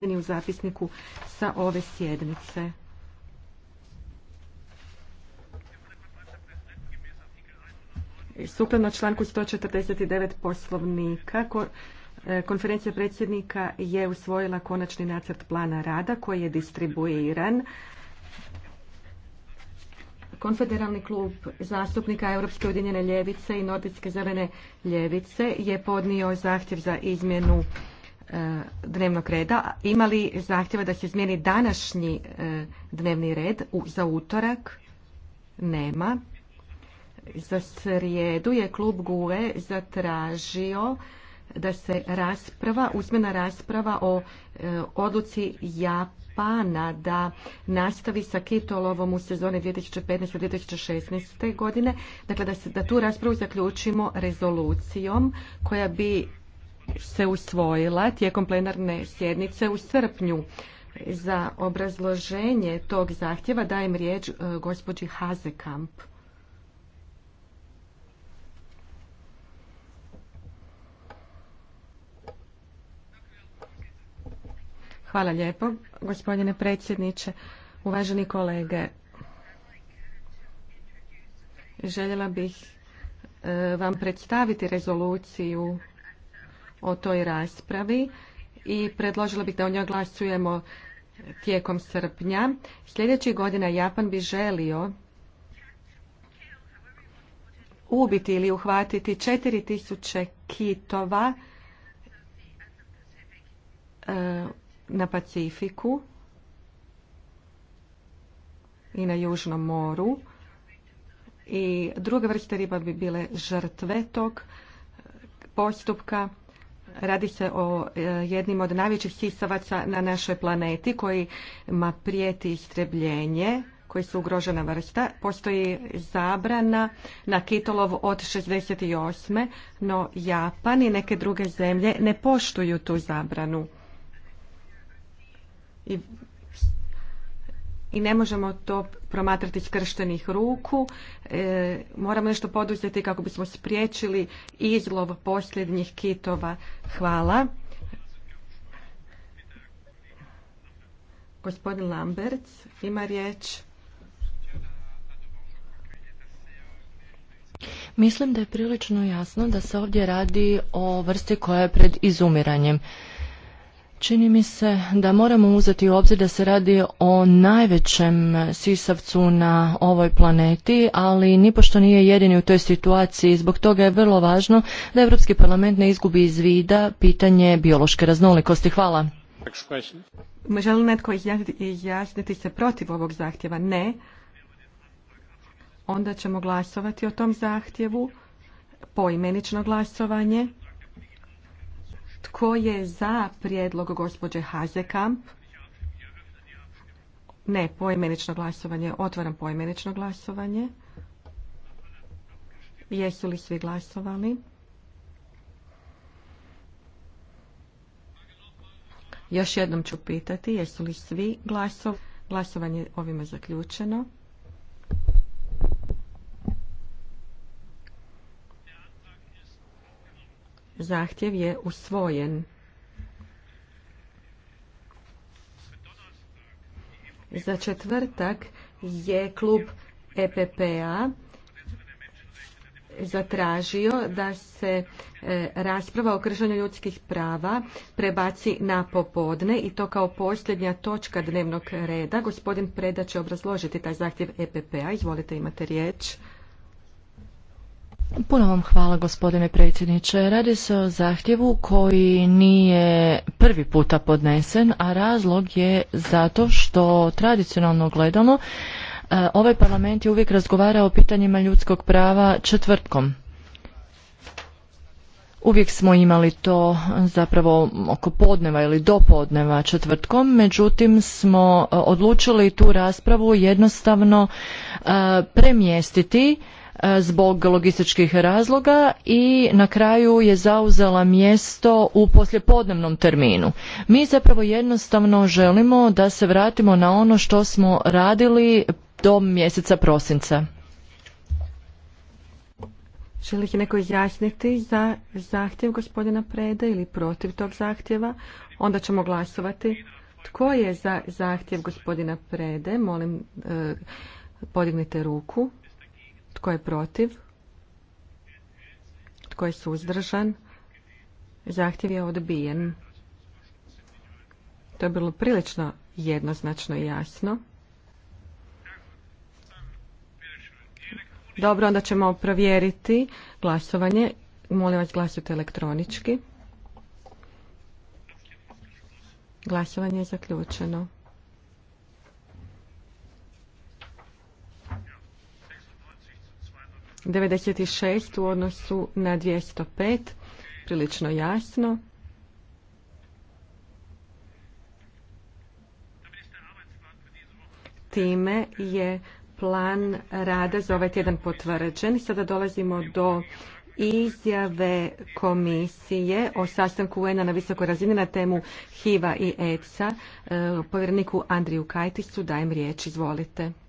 u zapisniku sa ove sjednice. Sukladno članku 149 poslovnika, e, konferencija predsjednika je usvojila konačni nacrt plana rada koji je distribuiran. Konfederalni klub zastupnika Europske ujedinjene ljevice i Nordijske zelene ljevice je podnio zahtjev za izmjenu E, dnevnog reda. Ima li zahtjeva da se izmijeni današnji e, dnevni red za utorak? Nema. Za srijedu je klub GUE zatražio da se rasprava, usmena rasprava o e, odluci Japana da nastavi sa kitolovom u sezoni 2015-2016. godine. Dakle, da, se, da tu raspravu zaključimo rezolucijom koja bi se usvojila tijekom plenarne sjednice u srpnju. Za obrazloženje tog zahtjeva dajem riječ e, gospođi Hazekamp. Hvala lijepo, gospodine predsjedniče, uvaženi kolege. Željela bih e, vam predstaviti rezoluciju o toj raspravi i predložila bih da o njoj glasujemo tijekom srpnja. Sljedećih godina Japan bi želio ubiti ili uhvatiti 4000 kitova e, na Pacifiku i na Južnom moru i druge vrste riba bi bile žrtve tog postupka Radi se o e, jednim od najvećih sisavaca na našoj planeti kojima prijeti istrebljenje koji su ugrožena vrsta. Postoji zabrana na kitolov od 68. No Japan i neke druge zemlje ne poštuju tu zabranu. I i ne možemo to promatrati skrštenih ruku. E, moramo nešto poduzeti kako bismo spriječili izlov posljednjih kitova. Hvala. Gospodin Lambert ima riječ. Mislim da je prilično jasno da se ovdje radi o vrsti koja je pred izumiranjem. Čini mi se da moramo uzeti u obzir da se radi o najvećem sisavcu na ovoj planeti, ali nipošto nije jedini u toj situaciji. Zbog toga je vrlo važno da Europski parlament ne izgubi iz vida pitanje biološke raznolikosti. Hvala. Želi netko izjasniti se protiv ovog zahtjeva? Ne. Onda ćemo glasovati o tom zahtjevu. Poimenično glasovanje. Tko je za prijedlog gospođe Hazekamp? Ne, poimenično glasovanje. Otvaram poimenično glasovanje. Jesu li svi glasovali? Još jednom ću pitati, jesu li svi glasovali? Glasovanje ovime zaključeno. Zahtjev je usvojen. Za četvrtak je klub EPP-a zatražio da se e, rasprava o kršenju ljudskih prava prebaci na popodne i to kao posljednja točka dnevnog reda. Gospodin Preda će obrazložiti taj zahtjev EPP-a. Izvolite, imate riječ. Puno vam hvala gospodine predsjedniče. Radi se o zahtjevu koji nije prvi puta podnesen, a razlog je zato što tradicionalno gledano e, ovaj parlament je uvijek razgovarao o pitanjima ljudskog prava četvrtkom. Uvijek smo imali to e, zapravo oko podneva ili do podneva četvrtkom, međutim smo e, odlučili tu raspravu jednostavno premjestiti E, zbog logističkih razloga i na kraju je zauzela mjesto u poslijepodnevnom terminu. Mi zapravo jednostavno želimo da se vratimo na ono što smo radili do mjeseca prosinca. Želi li neko izjasniti za zahtjev gospodina Preda ili protiv tog zahtjeva? Onda ćemo glasovati. Tko je za zahtjev gospodina Prede? Molim, e, podignite ruku. Tko je protiv? Tko je suzdržan? Zahtjev je odbijen. To je bilo prilično jednoznačno i jasno. Dobro, onda ćemo provjeriti glasovanje. Molim vas glasujte elektronički. Glasovanje je zaključeno. 96 u odnosu na 205, prilično jasno. Time je plan rada za ovaj tjedan potvrđen. Sada dolazimo do izjave komisije o sastanku UN-a na visokoj razini na temu HIV-a i AIDS-a. E, povjereniku Andriju Kajtisu dajem riječ. Izvolite.